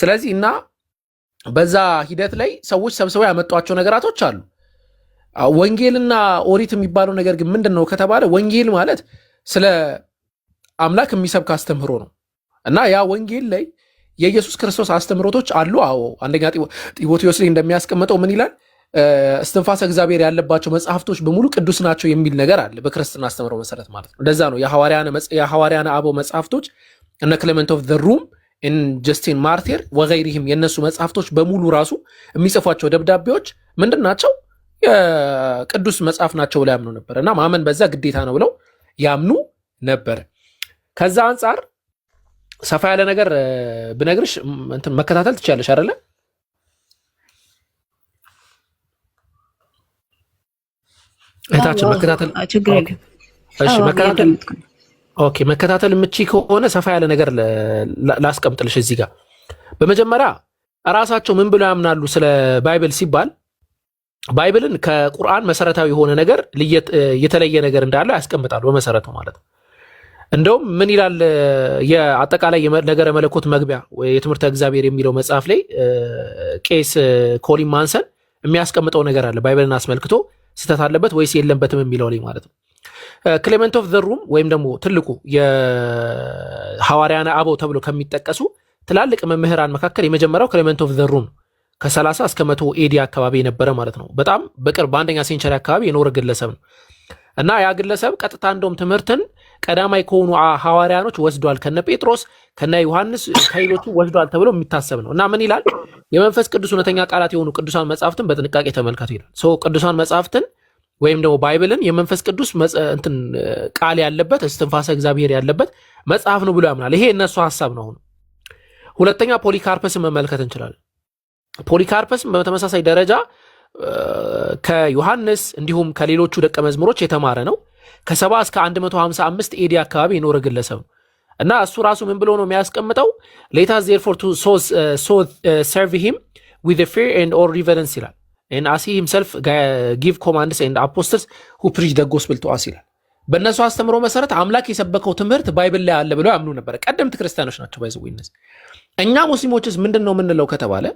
ስለዚህ እና በዛ ሂደት ላይ ሰዎች ሰብስበው ያመጧቸው ነገራቶች አሉ። ወንጌልና ኦሪት የሚባለው ነገር ግን ምንድን ነው ከተባለ ወንጌል ማለት ስለ አምላክ የሚሰብክ አስተምህሮ ነው እና ያ ወንጌል ላይ የኢየሱስ ክርስቶስ አስተምህሮቶች አሉ። አዎ አንደኛ ጢሞቴዎስ ላይ እንደሚያስቀምጠው ምን ይላል? እስትንፋሰ እግዚአብሔር ያለባቸው መጽሐፍቶች በሙሉ ቅዱስ ናቸው የሚል ነገር አለ። በክርስትና አስተምህሮ መሰረት ማለት ነው። እንደዛ ነው የሐዋርያነ አበው መጽሐፍቶች እነ ክሌመንት ኦፍ ዘ ሩም ጀስቲን ማርቲር ወገይሪህም የነሱ መጽሐፍቶች በሙሉ ራሱ የሚጽፏቸው ደብዳቤዎች ምንድን ናቸው? የቅዱስ መጽሐፍ ናቸው ብለው ያምኑ ነበር እና ማመን በዛ ግዴታ ነው ብለው ያምኑ ነበር። ከዛ አንጻር ሰፋ ያለ ነገር ብነግርሽ መከታተል ትችላለሽ አይደለ? እህታችን መከታተል ኦኬ መከታተል ምቺ ከሆነ ሰፋ ያለ ነገር ላስቀምጥልሽ እዚህ ጋር። በመጀመሪያ እራሳቸው ምን ብለው ያምናሉ ስለ ባይብል ሲባል ባይብልን ከቁርአን መሰረታዊ የሆነ ነገር የተለየ ነገር እንዳለው ያስቀምጣሉ። በመሰረቱ ማለት ነው። እንደውም ምን ይላል የአጠቃላይ ነገረ መለኮት መግቢያ የትምህርተ እግዚአብሔር የሚለው መጽሐፍ ላይ ቄስ ኮሊን ማንሰን የሚያስቀምጠው ነገር አለ። ባይብልን አስመልክቶ ስህተት አለበት ወይስ የለበትም የሚለው ላይ ማለት ነው። ክሌመንት ኦፍ ሩም ወይም ደግሞ ትልቁ የሐዋርያነ አበው ተብሎ ከሚጠቀሱ ትላልቅ መምህራን መካከል የመጀመሪያው ክሌመንት ኦፍ ሩም ከ30 እስከ መቶ ኤዲ አካባቢ የነበረ ማለት ነው። በጣም በቅርብ በአንደኛ ሴንቸሪ አካባቢ የኖረ ግለሰብ ነው እና ያ ግለሰብ ቀጥታ እንደውም ትምህርትን ቀዳማይ ከሆኑ ሐዋርያኖች ወስዷል። ከነ ጴጥሮስ ከነ ዮሐንስ ከሌሎቹ ወስዷል ተብሎ የሚታሰብ ነው እና ምን ይላል? የመንፈስ ቅዱስ እውነተኛ ቃላት የሆኑ ቅዱሳን መጽሐፍትን በጥንቃቄ ተመልከቱ ይላል። ቅዱሳን መጽሐፍትን ወይም ደግሞ ባይብልን የመንፈስ ቅዱስ እንትን ቃል ያለበት እስትንፋሰ እግዚአብሔር ያለበት መጽሐፍ ነው ብሎ ያምናል። ይሄ እነሱ ሀሳብ ነው። ሁለተኛ ፖሊካርፐስን መመልከት እንችላለን። ፖሊካርፐስ በተመሳሳይ ደረጃ ከዮሐንስ እንዲሁም ከሌሎቹ ደቀ መዝሙሮች የተማረ ነው። ከሰባ እስከ 155 ኤዲ አካባቢ የኖረ ግለሰብ ነው እና እሱ ራሱ ምን ብሎ ነው የሚያስቀምጠው? ሌታስ ዜርፎር ቱ ሰርቭ ሂም ዊዝ ኤንድ ሪቨረንስ ይላል ኤን አሲ ሂምሰልፍ ጊቭ ኮማንድስ ኤንድ አፖስትልስ ሁ ፕሪች ደ ጎስፕል ቱ አስ ይላል። በእነሱ አስተምሮ መሰረት አምላክ የሰበከው ትምህርት ባይብል ላይ አለ ብለው ያምኑ ነበረ። ቀደምት ክርስቲያኖች ናቸው። ባይዘ እኛ ሙስሊሞችስ ምንድን ነው የምንለው ከተባለ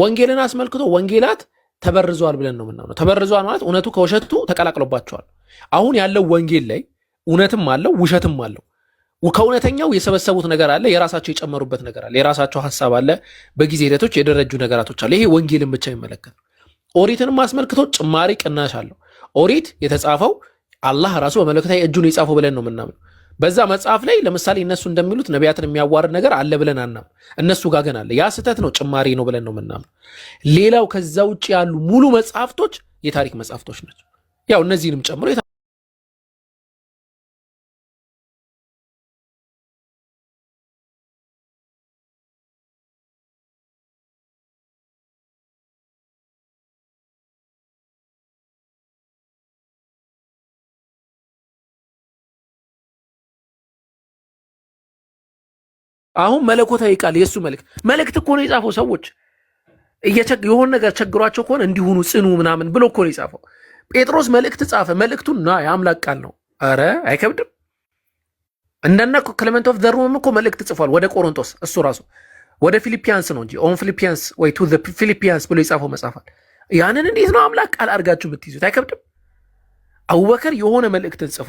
ወንጌልን አስመልክቶ ወንጌላት ተበርዟል ብለን ነው የምናምነው። ተበርዟል ማለት እውነቱ ከውሸቱ ተቀላቅሎባቸዋል። አሁን ያለው ወንጌል ላይ እውነትም አለው ውሸትም አለው። ከእውነተኛው የሰበሰቡት ነገር አለ፣ የራሳቸው የጨመሩበት ነገር አለ፣ የራሳቸው ሀሳብ አለ፣ በጊዜ ሂደቶች የደረጁ ነገራቶች አለ። ይሄ ወንጌልን ብቻ ይመለከት ኦሪትንም አስመልክቶ ጭማሪ ቅናሽ አለው። ኦሪት የተጻፈው አላህ ራሱ በመለኮታዊ እጁን የጻፈው ብለን ነው ምናምን በዛ መጽሐፍ ላይ ለምሳሌ እነሱ እንደሚሉት ነቢያትን የሚያዋርድ ነገር አለ ብለን አናም። እነሱ ጋር ግን አለ። ያ ስህተት ነው፣ ጭማሪ ነው ብለን ነው የምናምነው። ሌላው ከዛ ውጭ ያሉ ሙሉ መጽሐፍቶች የታሪክ መጽሐፍቶች ናቸው። ያው እነዚህንም ጨምሮ አሁን መለኮታዊ ቃል የእሱ መልእክት መልእክት እኮ ነው የጻፈው። ሰዎች የሆን ነገር ቸግሯቸው ከሆነ እንዲሁኑ ጽኑ ምናምን ብሎ እኮ ነው የጻፈው። ጴጥሮስ መልእክት ጻፈ። መልእክቱን ና የአምላክ ቃል ነው። ኧረ አይከብድም። እንደነ ክሌመንት ኦፍ ዘ እኮ መልእክት ጽፏል ወደ ቆሮንቶስ። እሱ ራሱ ወደ ፊልፒያንስ ነው እንጂ ኦን ፊልፒያንስ ወይ ቱ ፊልፒያንስ ብሎ የጻፈው መጻፋል። ያንን እንዴት ነው አምላክ ቃል አድርጋችሁ የምትይዙት? አይከብድም። አቡበከር የሆነ መልእክትን ጽፎ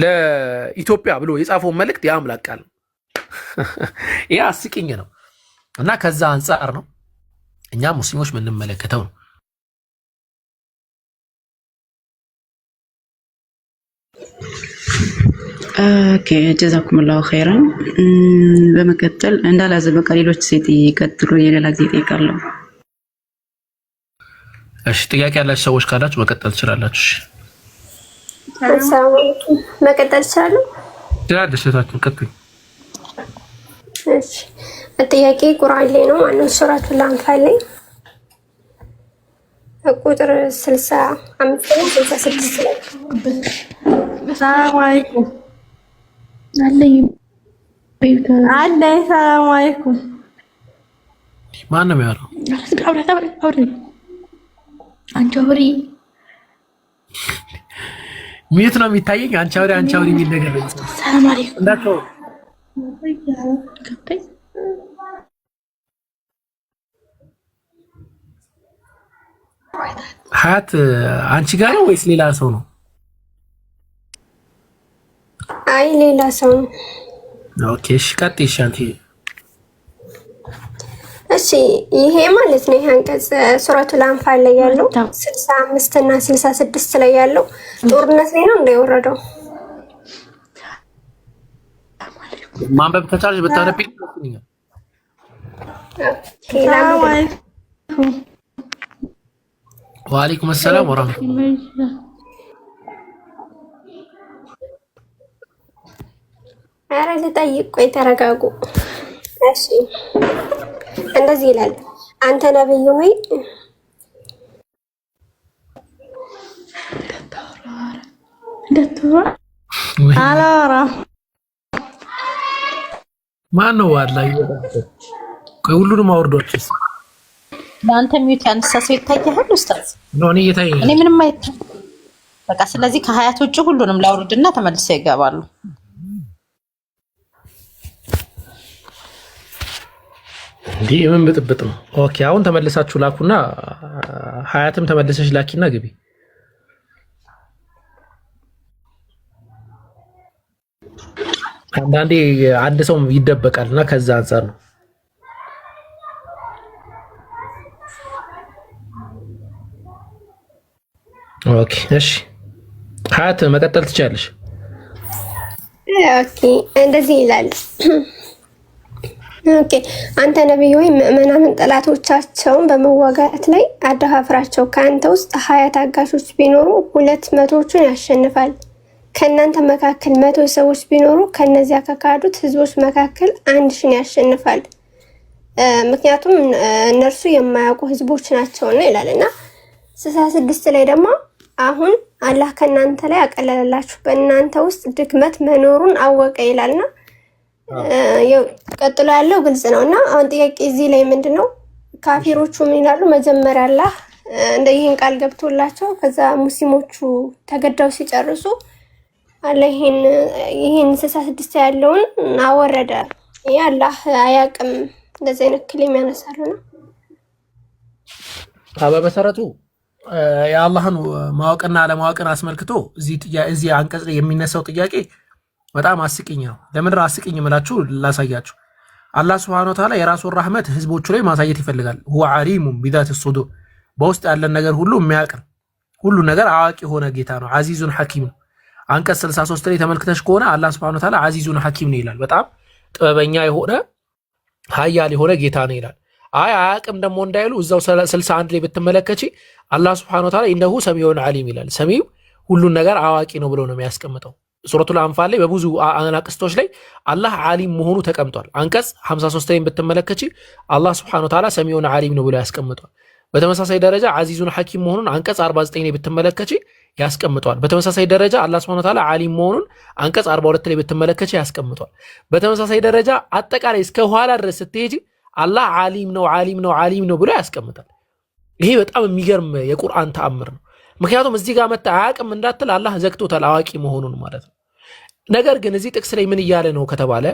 ለኢትዮጵያ ብሎ የጻፈውን መልእክት የአምላክ ቃል ነው። ይህ አስቂኝ ነው እና ከዛ አንጻር ነው እኛ ሙስሊሞች የምንመለከተው ነው። ኦኬ ጀዛኩምላሁ ኸይራን። በመቀጠል እንዳላዘ በቃ ሌሎች ሴት ቀጥሎ የሌላ ጊዜ ጠይቃለሁ። እሺ ጥያቄ ያላችሁ ሰዎች ካላችሁ መቀጠል ትችላላችሁ። እሺ መቀጠል ትችላሉ። ጥያቄ ቁርአን ላይ ነው ማነው? ሱረቱል አንፋል ላይ ቁጥር ስልሳ አምስት ስልሳ ስድስት ላይ ሰላም አለይኩም አለ። ሰላም አለይኩም ማን ነው የሚያወራው? አንቺ አውሪ ሚዩት ነው የሚታየኝ። አንቺ አውሪ፣ አንቺ አውሪ የሚል ነገር ሀያት አንቺ ጋር ነው ወይስ ሌላ ሰው ነው? አይ ሌላ ሰው ነው። ኦኬ እሺ፣ ቀጥይ አንቺ። እሺ ይሄ ማለት ነው ይሄ አንቀጽ ሱረቱል አንፋል ላይ ያለው ስልሳ አምስት እና ስልሳ ስድስት ላይ ያለው ጦርነት ላይ ነው እንደወረደው ማንበብ ተቻለች ብታነብ ይልኛል። ወአለይኩም ሰላም ወራህመቱላህ። አረ ልጠይቅ፣ ቆይ ተረጋጉ። እሺ እንደዚህ ይላል። አንተ ነብይ ሆይ እንደተወራ ማን ነው ዋላ? ቆይ ሁሉንም አውርዷቸው። ለአንተ ሚውት ያነሳ ሰው ይታያል ኡስታዝ? እኔ እየታየኝ እኔ ምንም አይታይም። በቃ ስለዚህ ከሀያት ውጭ ሁሉንም ላውርድና ተመልሰው ይገባሉ። እንዲህ ምን ብጥብጥ ነው? ኦኬ አሁን ተመልሳችሁ ላኩና ሀያትም ተመልሰሽ ላኪና ግቢ አንዳንዴ አንድ ሰው ይደበቃል እና ከዛ አንጻር ነው። ኦኬ እሺ፣ ሀያት መቀጠል ትችላለሽ። ኦኬ እንደዚህ ይላል። ኦኬ አንተ ነቢይ ወይ ምዕመናንን ጠላቶቻቸውን በመዋጋት ላይ አደፋፍራቸው። ከአንተ ውስጥ ሀያ ታጋሾች ቢኖሩ ሁለት መቶዎቹን ያሸንፋል። ከእናንተ መካከል መቶ ሰዎች ቢኖሩ ከነዚያ ከካዱት ህዝቦች መካከል አንድ ሽን ያሸንፋል። ምክንያቱም እነርሱ የማያውቁ ህዝቦች ናቸውና ይላል እና ስልሳ ስድስት ላይ ደግሞ አሁን አላህ ከእናንተ ላይ አቀለለላችሁ በእናንተ ውስጥ ድክመት መኖሩን አወቀ ይላልና ቀጥሎ ያለው ግልጽ ነው እና አሁን ጥያቄ እዚህ ላይ ምንድን ነው ካፊሮቹ ምን ይላሉ? መጀመሪያ አላህ እንደ ይህን ቃል ገብቶላቸው ከዛ ሙስሊሞቹ ተገዳው ሲጨርሱ አለ ይህን ይህን ስልሳ ስድስት ያለውን አወረደ። ይሄ አላህ አያውቅም። እንደዚህ አይነት ክሌም ያነሳሉ ነው። በመሰረቱ የአላህን ማወቅና አለማወቅን አስመልክቶ እዚህ አንቀጽ ላይ የሚነሳው ጥያቄ በጣም አስቂኝ ነው። ለምድር አስቂኝ ምላችሁ ላሳያችሁ። አላህ ስብሐነ ወተዓላ የራሱን ራህመት ህዝቦቹ ላይ ማሳየት ይፈልጋል። ሁወ ዓሊሙን ቢዛት ሱዱር በውስጥ ያለን ነገር ሁሉ የሚያውቅ ሁሉ ነገር አዋቂ የሆነ ጌታ ነው። አዚዙን ሐኪም ነው። አንቀጽ 63 ላይ ተመልክተሽ ከሆነ አላህ ስብሐነሁ ወተዓላ አዚዙን ሐኪም ነው ይላል። በጣም ጥበበኛ የሆነ ሀያል የሆነ ጌታ ነው ይላል። አይ አያቅም ደግሞ እንዳይሉ እዛው 61 ላይ ብትመለከች አላህ ስብሐነሁ ወተዓላ ኢነሁ ሰሚዑን ዓሊም ይላል። ሰሚው ሁሉን ነገር አዋቂ ነው ብሎ ነው የሚያስቀምጠው። ሱረቱል አንፋል ላይ በብዙ አናቅስቶች ላይ አላህ ዓሊም መሆኑ ተቀምጧል። አንቀጽ 53 ላይ ብትመለከች አላህ ስብሐነሁ ወተዓላ ሰሚዑን ዓሊም ነው ብሎ ያስቀምጧል። በተመሳሳይ ደረጃ አዚዙን ሐኪም መሆኑን አንቀጽ 49 ላይ ብትመለከቺ ያስቀምጠዋል። በተመሳሳይ ደረጃ አላህ ስብሐነ ወተዓላ አሊም መሆኑን አንቀጽ 42 ላይ ብትመለከች ያስቀምጠዋል። በተመሳሳይ ደረጃ አጠቃላይ እስከ ኋላ ድረስ ስትሄጅ አላህ አሊም ነው አሊም ነው አሊም ነው ብሎ ያስቀምጣል። ይሄ በጣም የሚገርም የቁርአን ተአምር ነው። ምክንያቱም እዚህ ጋር መታ አያቅም እንዳትል አላህ ዘግቶታል፣ አዋቂ መሆኑን ማለት ነው። ነገር ግን እዚህ ጥቅስ ላይ ምን እያለ ነው ከተባለ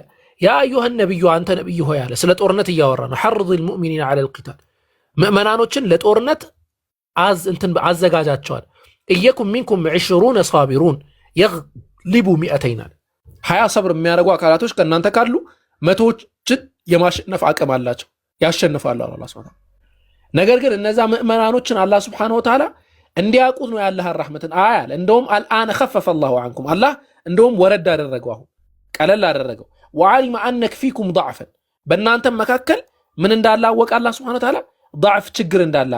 ያ አዩሀን ነቢዩ አንተ ነቢይ ሆይ አለ። ስለ ጦርነት እያወራ ነው። ሐርዚል ልሙእሚኒን ዐለል ቂታል ምእመናኖችን ለጦርነት አዘጋጃቸዋል እየኩም ሚንኩም ዕሽሩነ ሳቢሩን የግሊቡ ሚእተይናል ሀያ ሰብር የሚያደርጉ አካላቶች ከእናንተ ካሉ መቶዎችን የማሸነፍ አቅም አላቸው፣ ያሸንፋሉ አላ ስብን ነገር ግን እነዛ ምእመናኖችን አላ ስብሓን ወተዓላ እንዲያውቁት ነው ያለህን ራህመትን አያል እንደውም አልአነ ከፈፈ ላሁ አንኩም አላህ እንደውም ወረድ አደረገው፣ አሁን ቀለል አደረገው። ወዓሊመ አነ ክፊኩም ضዕፈን በእናንተም መካከል ምን እንዳላወቀ አላ ስብሓን ወተዓላ ضዕፍ ችግር እንዳለ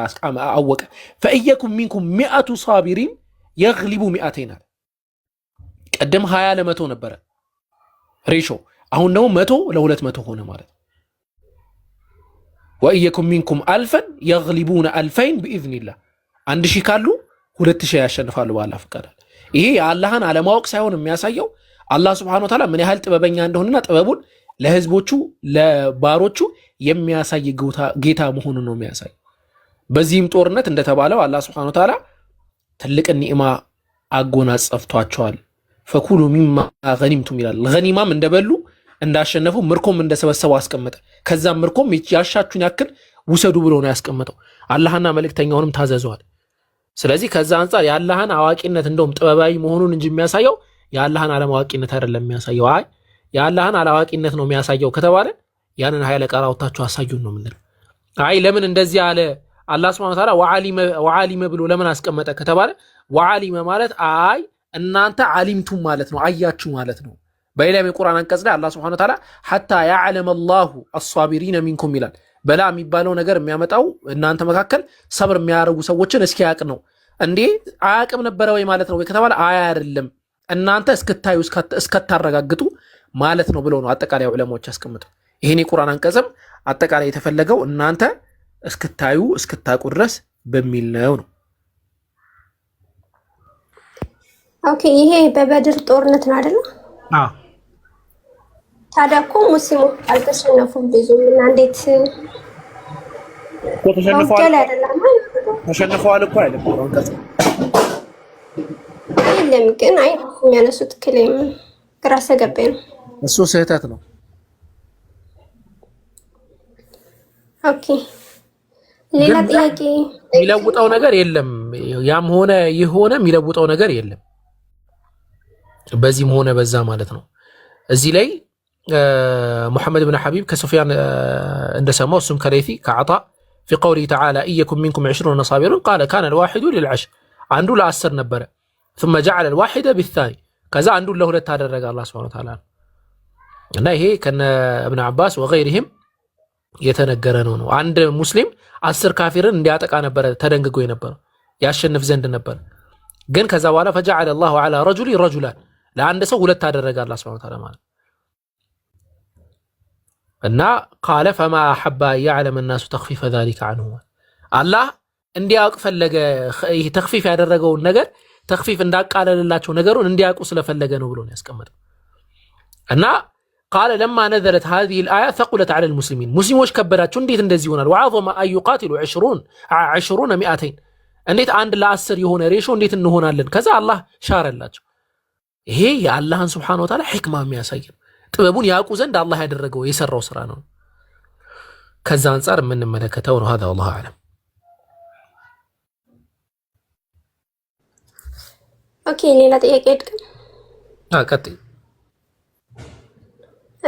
አወቀ። ፈእየኩም ሚንኩም ሚአቱ ሳቢሪን የግሊቡ ሚአተይን አለ። ቀደም ሀያ ለመቶ ነበረ ሬሾ፣ አሁን ደግሞ መቶ ለሁለት መቶ ሆነ ማለት ነው። ወእየኩም ሚንኩም አልፈን የግሊቡነ አልፈይን ብኢዝኒላህ አንድ ሺህ ካሉ ሁለት ሺህ ያሸንፋሉ በአላህ ፈቃድ። ይሄ የአላህን አለማወቅ ሳይሆን የሚያሳየው አላህ ስብሐነ ወተዓላ ምን ያህል ጥበበኛ እንደሆነና ጥበቡን ለህዝቦቹ ለባሮቹ የሚያሳይ ጌታ መሆኑን ነው የሚያሳይ። በዚህም ጦርነት እንደተባለው አላህ ስብሐነ ወተዓላ ትልቅ ኒዕማ አጎናጸፍቷቸዋል። ፈኩሉ ሚማ ገኒምቱም ይላል። ገኒማም እንደበሉ እንዳሸነፉ ምርኮም እንደሰበሰቡ አስቀመጠ። ከዛም ምርኮም ያሻችሁን ያክል ውሰዱ ብሎ ነው ያስቀመጠው። አላህና መልእክተኛውንም ታዘዘዋል። ስለዚህ ከዛ አንጻር የአላህን አዋቂነት እንደውም ጥበባዊ መሆኑን እንጂ የሚያሳየው የአላህን አለማዋቂነት አይደለም የሚያሳየው። አይ የአላህን አላዋቂነት ነው የሚያሳየው ከተባለ ያንን ሀይለ ቃል አውጥታችሁ አሳዩን ነው ምንል። አይ ለምን እንደዚህ አለ አላህ ስብሐነ ወተዓላ ወዓሊመ ብሎ ለምን አስቀመጠ ከተባለ ወዓሊመ ማለት አይ እናንተ አሊምቱም ማለት ነው አያችሁ ማለት ነው። በሌላም የቁርአን አንቀጽ ላይ አላህ ስብሐነ ወተዓላ ሐታ ያዕለመ አላሁ አሷቢሪነ ሚንኩም ይላል። በላ የሚባለው ነገር የሚያመጣው እናንተ መካከል ሰብር የሚያደርጉ ሰዎችን እስኪያውቅ ነው። እንዴ አያቅም ነበረ ወይ ማለት ነው ወይ ከተባለ አይ አይደለም እናንተ እስክታዩ እስከታረጋግጡ ማለት ነው ብለው ነው አጠቃላይ ዑለማዎች ያስቀምጡ። ይህን የቁርአን አንቀጽም አጠቃላይ የተፈለገው እናንተ እስክታዩ እስክታውቁ ድረስ በሚል ነው ነው። ኦኬ ይሄ በበድር ጦርነት ነው አይደለም? ታዲያ እኮ ሙስሊሞች አልተሸነፉም ብዙም እና እንዴት ተሸንፈዋል እኮ አይደለም ክሌም ግን አይ የሚያነሱት ክሌም ግራ ስለገባኝ ነው። እሱ ስህተት ነው። ኦኬ ሌላ ጥያቄ። የሚለውጠው ነገር የለም። ያም ሆነ ይህ ሆነ የሚለውጠው ነገር የለም። በዚህም ሆነ በዛ ማለት ነው። እዚህ ላይ ሙሐመድ ብን ሐቢብ ከሱፊያን እንደሰማው እሱም ከለይሲ ከዓጣ ፊ ቀውሊ ተዓላ እየኩም ሚንኩም ዕሽሩነ ሳቢሩን ቃለ ካነ ልዋሒዱ ልልዓሽር አንዱ ለአስር ነበረ ثم جعل الواحد بالثاني ከዛ አንዱን ለሁለት አደረገ አላህ ሱብሓነሁ ወተዓላ እና ይሄ ከነ እብነ አባስ ወገይሪህም የተነገረ ነው ነው አንድ ሙስሊም አስር ካፊርን እንዲያጠቃ ነበረ ተደንግጎ የነበረው ያሸንፍ ዘንድ ነበር። ግን ከዛ በኋላ ፈጀዐለ አላሁ ዐላ ረጁሊ ረጁላን ለአንድ ሰው ሁለት አደረገ አላህ ሱብሓነሁ ወተዓላ ማለት እና ቃለ ፈማ አሐባ ያዕለም እናሱ ተኽፊፈ ዛሊከ አንሁ አላህ እንዲያውቅ ፈለገ ተኽፊፍ ያደረገውን ነገር ተክፊፍ እንዳቃለልላቸው ነገሩን እንዲያውቁ ስለፈለገ ነው ብሎ ነው ያስቀመጠው። እና ቃለ ለማ ነዘለት ሀዚህ ልአያ ተቁለት ዐለ ልሙስሊሚን ሙስሊሞች ከበዳቸው። እንዴት እንደዚህ ይሆናል? ወዐظመ አን ዩቃትሉ ሚአተይን እንዴት አንድ ለአስር የሆነ ሬሾ እንዴት እንሆናለን? ከዛ አላህ ሻረላቸው። ይሄ የአላህን ስብሓነ ወተዓላ ሕክማ የሚያሳይ ነው። ጥበቡን ያውቁ ዘንድ አላህ ያደረገው የሰራው ስራ ነው። ከዛ አንጻር የምንመለከተው ነው። ሀዛ ወላሁ አዕለም። ኦኬ፣ ሌላ ጥያቄ አድርገን ቀጥይ።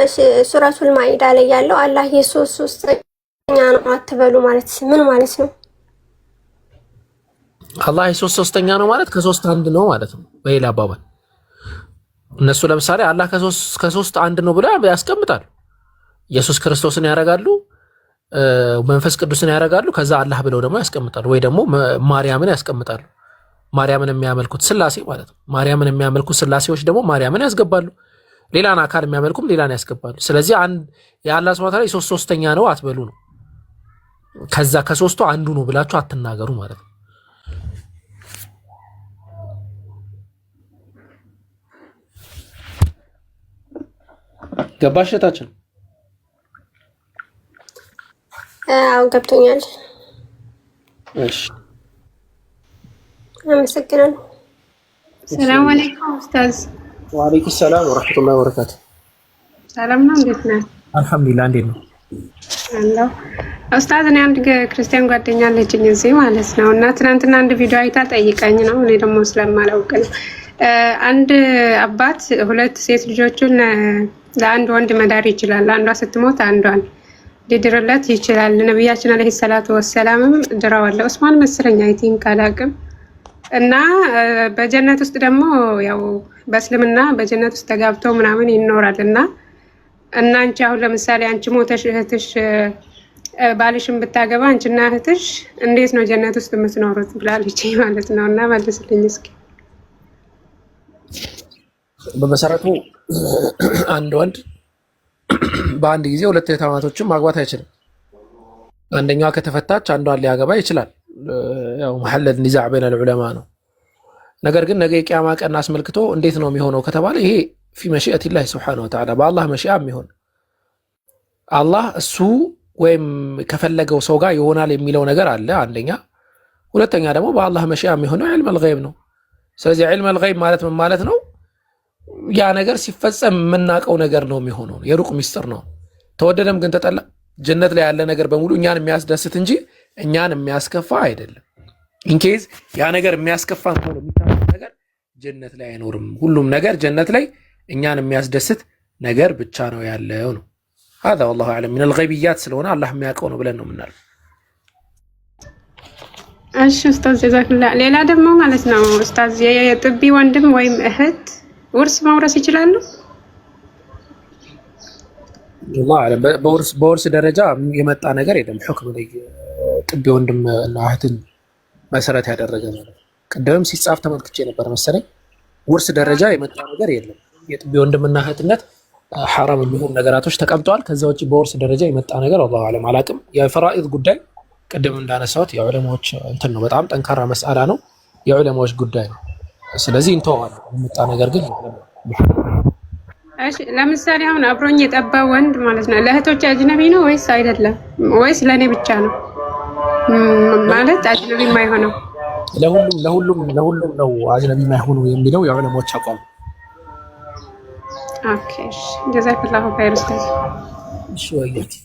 እሺ፣ ሱረቱል ማኢዳ ላይ ያለው አላህ የሶስት ሶስተኛ ነው አትበሉ ማለት ምን ማለት ነው? አላህ የሶስት ሶስተኛ ነው ማለት ከሶስት አንድ ነው ማለት ነው። በሌላ አባባል እነሱ ለምሳሌ አላህ ከሶስት አንድ ነው ብለው ያስቀምጣሉ። ኢየሱስ ክርስቶስን ያደርጋሉ፣ መንፈስ ቅዱስን ያደርጋሉ፣ ከዛ አላህ ብለው ደግሞ ያስቀምጣሉ፣ ወይ ደግሞ ማርያምን ያስቀምጣሉ። ማርያምን የሚያመልኩት ስላሴ ማለት ነው። ማርያምን የሚያመልኩት ስላሴዎች ደግሞ ማርያምን ያስገባሉ። ሌላን አካል የሚያመልኩም ሌላን ያስገባሉ። ስለዚህ የአላ ስማታ ላይ ሶስት ሶስተኛ ነው አትበሉ ነው። ከዛ ከሶስቱ አንዱ ነው ብላችሁ አትናገሩ ማለት ነው። ገባሽ እህታችን? ገብቶኛል። እሺ አመሰግናለሁ። ሰላም አለይኩም ኡስታዝ። ወአለይኩም ሰላም ወራህመቱላሂ ወበረካቱ። ሰላም ነው፣ እንዴት ነህ? አልሐምዱሊላህ። እንዴት ነው አለው ኡስታዝ። እኔ አንድ ክርስቲያን ጓደኛ አለችኝ እዚህ ማለት ነው እና ትናንትና አንድ ቪዲዮ አይታ ጠይቀኝ ነው እኔ ደግሞ ስለማላውቅ ነው አንድ አባት ሁለት ሴት ልጆቹን ለአንድ ወንድ መዳር ይችላል። አንዷ ስትሞት አንዷን ሊድርለት ይችላል። ነቢያችን አለይሂ ሰላቱ ወሰላምም ኡስማን መስለኛ እና በጀነት ውስጥ ደግሞ ያው በእስልምና በጀነት ውስጥ ተጋብቶ ምናምን ይኖራል እና እና አንቺ አሁን ለምሳሌ አንቺ ሞተሽ እህትሽ ባልሽን ብታገባ አንቺና እህትሽ እንዴት ነው ጀነት ውስጥ የምትኖሩት ብላለች ማለት ነው። እና መልስልኝ እስኪ። በመሰረቱ አንድ ወንድ በአንድ ጊዜ ሁለት እህትማማቾችን ማግባት አይችልም። አንደኛዋ ከተፈታች አንዷን ሊያገባ ይችላል። ያው መሐለል ኒዛዕ በይነ ልዑለማ ነው። ነገር ግን ነገ የቅያማ ቀን አስመልክቶ እንዴት ነው የሚሆነው ከተባለ ይሄ ፊ መሽአቲላህ ስብሓነ ወተዓላ በአላህ መሽአ የሚሆን አላህ እሱ ወይም ከፈለገው ሰው ጋር ይሆናል የሚለው ነገር አለ አንደኛ። ሁለተኛ ደግሞ በአላህ መሽአ የሚሆነው ዕልም አልገይብ ነው። ስለዚህ ዕልም አልገይብ ማለት ምን ማለት ነው? ያ ነገር ሲፈጸም የምናውቀው ነገር ነው የሚሆነው የሩቅ ሚስጥር ነው። ተወደደም ግን ተጠላ ጀነት ላይ ያለ ነገር በሙሉ እኛን የሚያስደስት እንጂ እኛን የሚያስከፋ አይደለም። ኢንኬዝ ያ ነገር የሚያስከፋን ከሆነ ነገር ጀነት ላይ አይኖርም። ሁሉም ነገር ጀነት ላይ እኛን የሚያስደስት ነገር ብቻ ነው ያለው ነው። ሀዛ ወላሁ አዕለም ሚነል ገይብያት ስለሆነ አላህ የሚያውቀው ነው ብለን ነው የምናለው። እሺ ኡስታዝ ጀዛክላ። ሌላ ደግሞ ማለት ነው ኡስታዝ የጥቢ ወንድም ወይም እህት ውርስ መውረስ ይችላሉ? በውርስ ደረጃ የመጣ ነገር የለም። የቅቤ ወንድም እና እህትን መሰረት ያደረገ ነው። ቅድምም ሲጻፍ ተመልክቼ የነበረ መሰለኝ ውርስ ደረጃ የመጣ ነገር የለም። የቅቤ ወንድምና እህትነት ሐራም የሚሆኑ ነገራቶች ተቀምጠዋል። ከዛ ውጭ በውርስ ደረጃ የመጣ ነገር አላሁ አለም አላቅም። የፈራኢድ ጉዳይ ቅድም እንዳነሳሁት የዑለማዎች እንትን ነው። በጣም ጠንካራ መስአላ ነው። የዑለማዎች ጉዳይ ነው። ስለዚህ እንተዋዋል። የመጣ ነገር ግን ለምሳሌ አሁን አብሮኝ የጠባ ወንድ ማለት ነው ለእህቶች አጅነቢ ነው ወይስ አይደለም? ወይስ ለእኔ ብቻ ነው? ማለት አጅነቢ የማይሆነው ለሁሉም ለሁሉም ለሁሉም ነው አጅነቢ የማይሆኑ የሚለው የዑለሞች አቋም። ኦኬ ጀዛክላሁ ኸይር ኡስታዝ። እሺ